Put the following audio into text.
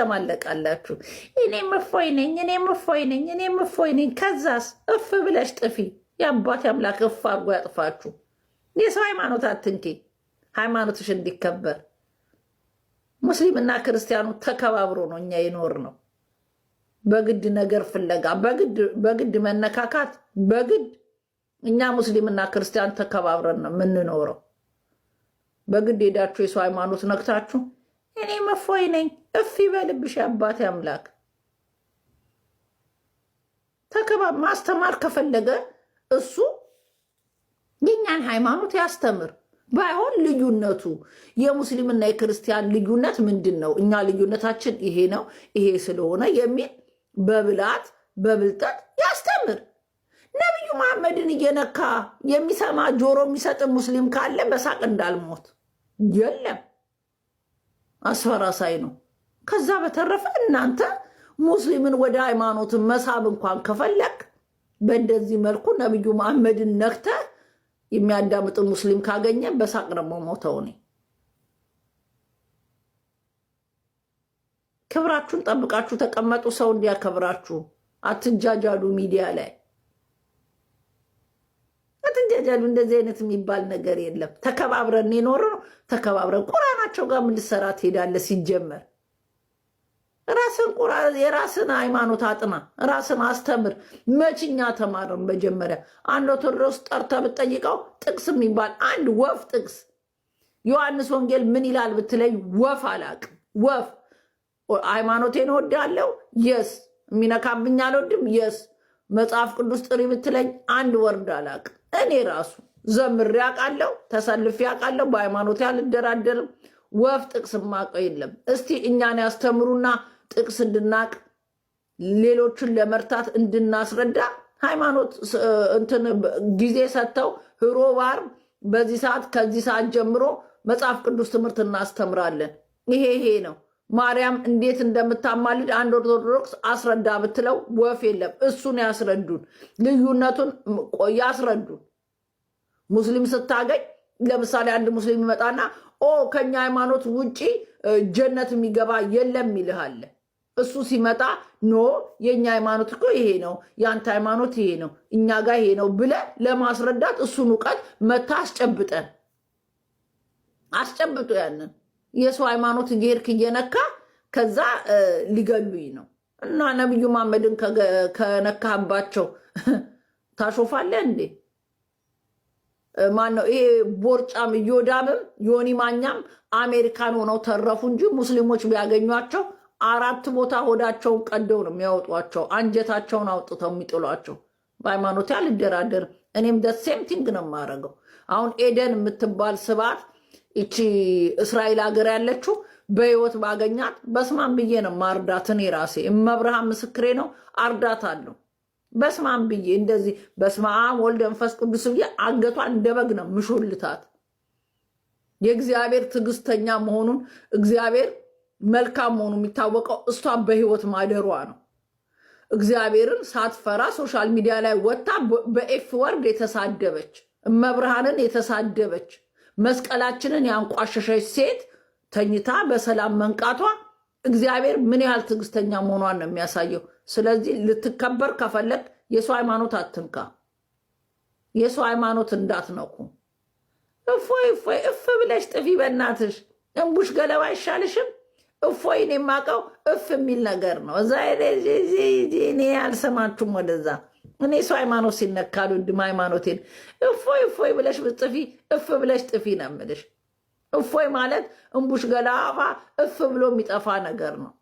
ተማለቃላችሁ። እኔም እፎይ ነኝ፣ እኔም እፎይ ነኝ፣ እኔም እፎይ ነኝ። ከዛስ እፍ ብለሽ ጥፊ። የአባት አምላክ እፍ አድርጎ ያጥፋችሁ። የሰው ሃይማኖት አትንኪ፣ ሃይማኖትሽ እንዲከበር። ሙስሊምና ክርስቲያኑ ተከባብሮ ነው እኛ ይኖር ነው። በግድ ነገር ፍለጋ፣ በግድ መነካካት፣ በግድ እኛ ሙስሊምና ክርስቲያን ተከባብረን ነው የምንኖረው። በግድ ሄዳችሁ የሰው ሃይማኖት ነክታችሁ እኔም እፎይ ነኝ እፍ ይበልብሽ አባቴ አምላክ። ተከባ ማስተማር ከፈለገ እሱ የኛን ሃይማኖት ያስተምር። ባይሆን ልዩነቱ የሙስሊምና የክርስቲያን ልዩነት ምንድን ነው? እኛ ልዩነታችን ይሄ ነው ይሄ ስለሆነ የሚል በብላት በብልጠት ያስተምር። ነቢዩ መሐመድን እየነካ የሚሰማ ጆሮ የሚሰጥ ሙስሊም ካለ በሳቅ እንዳልሞት የለም። አስፈራሳይ ነው። ከዛ በተረፈ እናንተ ሙስሊምን ወደ ሃይማኖትን መሳብ እንኳን ከፈለግ በእንደዚህ መልኩ ነቢዩ መሐመድን ነክተ የሚያዳምጥን ሙስሊም ካገኘ በሳቅ ደግሞ ሞተው እኔ ክብራችሁን ጠብቃችሁ ተቀመጡ። ሰው እንዲያከብራችሁ አትጃጃሉ። ሚዲያ ላይ አትጃጃሉ። እንደዚህ አይነት የሚባል ነገር የለም። ተከባብረን የኖረ ነው። ተከባብረን ቁራናቸው ጋር ምን ልትሰራ ትሄዳለህ ሲጀመር ራስን ቁራ የራስን ሃይማኖት አጥና፣ ራስን አስተምር። መችኛ ተማረን መጀመሪያ አንድ ኦርቶዶክስ ጠርተ ብትጠይቀው ጥቅስ የሚባል አንድ ወፍ ጥቅስ ዮሐንስ ወንጌል ምን ይላል ብትለኝ ወፍ አላቅም። ወፍ ሃይማኖቴን ወዳለው የስ የሚነካብኝ አልወድም የስ መጽሐፍ ቅዱስ ጥሪ ብትለኝ አንድ ወርድ አላቅም። እኔ ራሱ ዘምሬ አውቃለሁ፣ ተሰልፌ አውቃለሁ። በሃይማኖቴ አልደራደርም። ወፍ ጥቅስ ማቀው የለም። እስቲ እኛን ያስተምሩና ጥቅስ እንድናቅ፣ ሌሎችን ለመርታት እንድናስረዳ ሃይማኖት እንትን ጊዜ ሰጥተው ህሮ ባር በዚህ ሰዓት ከዚህ ሰዓት ጀምሮ መጽሐፍ ቅዱስ ትምህርት እናስተምራለን። ይሄ ይሄ ነው። ማርያም እንዴት እንደምታማልድ አንድ ኦርቶዶክስ አስረዳ ብትለው ወፍ የለም። እሱን ያስረዱን፣ ልዩነቱን ያስረዱን። ሙስሊም ስታገኝ ለምሳሌ አንድ ሙስሊም ይመጣና ኦ ከኛ ሃይማኖት ውጪ ጀነት የሚገባ የለም ይልሃለን። እሱ ሲመጣ ኖ የእኛ ሃይማኖት እኮ ይሄ ነው፣ የአንተ ሃይማኖት ይሄ ነው፣ እኛ ጋር ይሄ ነው ብለ ለማስረዳት እሱን እውቀት መታ አስጨብጠን አስጨብጦ ያንን የሰው ሃይማኖት ጌርክ እየነካ ከዛ ሊገሉኝ ነው እና ነቢዩ መሐመድን ከነካህባቸው ታሾፋለህ እንዴ? ማነው ይሄ ቦርጫም እዮዳምም ዮኒ ማኛም አሜሪካን ሆነው ተረፉ እንጂ ሙስሊሞች ቢያገኟቸው አራት ቦታ ሆዳቸውን ቀደው ነው የሚያወጧቸው፣ አንጀታቸውን አውጥተው የሚጥሏቸው። በሃይማኖቴ አልደራደርም። እኔም ደሴም ቲንግ ነው የማደርገው። አሁን ኤደን የምትባል ስባት ይቺ እስራኤል ሀገር ያለችው በህይወት ባገኛት በስማን ብዬ ነው ማርዳትን የራሴ እመብርሃን ምስክሬ ነው። አርዳታለሁ በስማን ብዬ እንደዚህ በስመ አብ መንፈስ ቅዱስ ብዬ አንገቷ እንደበግ ነው ምሾልታት። የእግዚአብሔር ትዕግስተኛ መሆኑን እግዚአብሔር መልካም መሆኑ የሚታወቀው እሷን በህይወት ማደሯ ነው። እግዚአብሔርን ሳትፈራ ሶሻል ሚዲያ ላይ ወጥታ በኤፍ ወርድ የተሳደበች እመብርሃንን የተሳደበች መስቀላችንን ያንቋሸሸች ሴት ተኝታ በሰላም መንቃቷ እግዚአብሔር ምን ያህል ትዕግስተኛ መሆኗን ነው የሚያሳየው። ስለዚህ ልትከበር ከፈለግ የሰው ሃይማኖት አትንካ። የሰው ሃይማኖት እንዳትነኩ። እፎይ እፎይ እፍ ብለሽ ጥፊ በእናትሽ እንቡሽ ገለባ አይሻልሽም? እፎይን የማውቀው እፍ የሚል ነገር ነው። እዛ እኔ አልሰማችሁም። ወደዛ እኔ ሰው ሃይማኖት ሲነካሉ ድም ሃይማኖቴን እፎይ እፎይ ብለሽ ብጥፊ እፍ ብለሽ ጥፊ ነው የምልሽ። እፎይ ማለት እምቡሽ ገላፋ እፍ ብሎ የሚጠፋ ነገር ነው።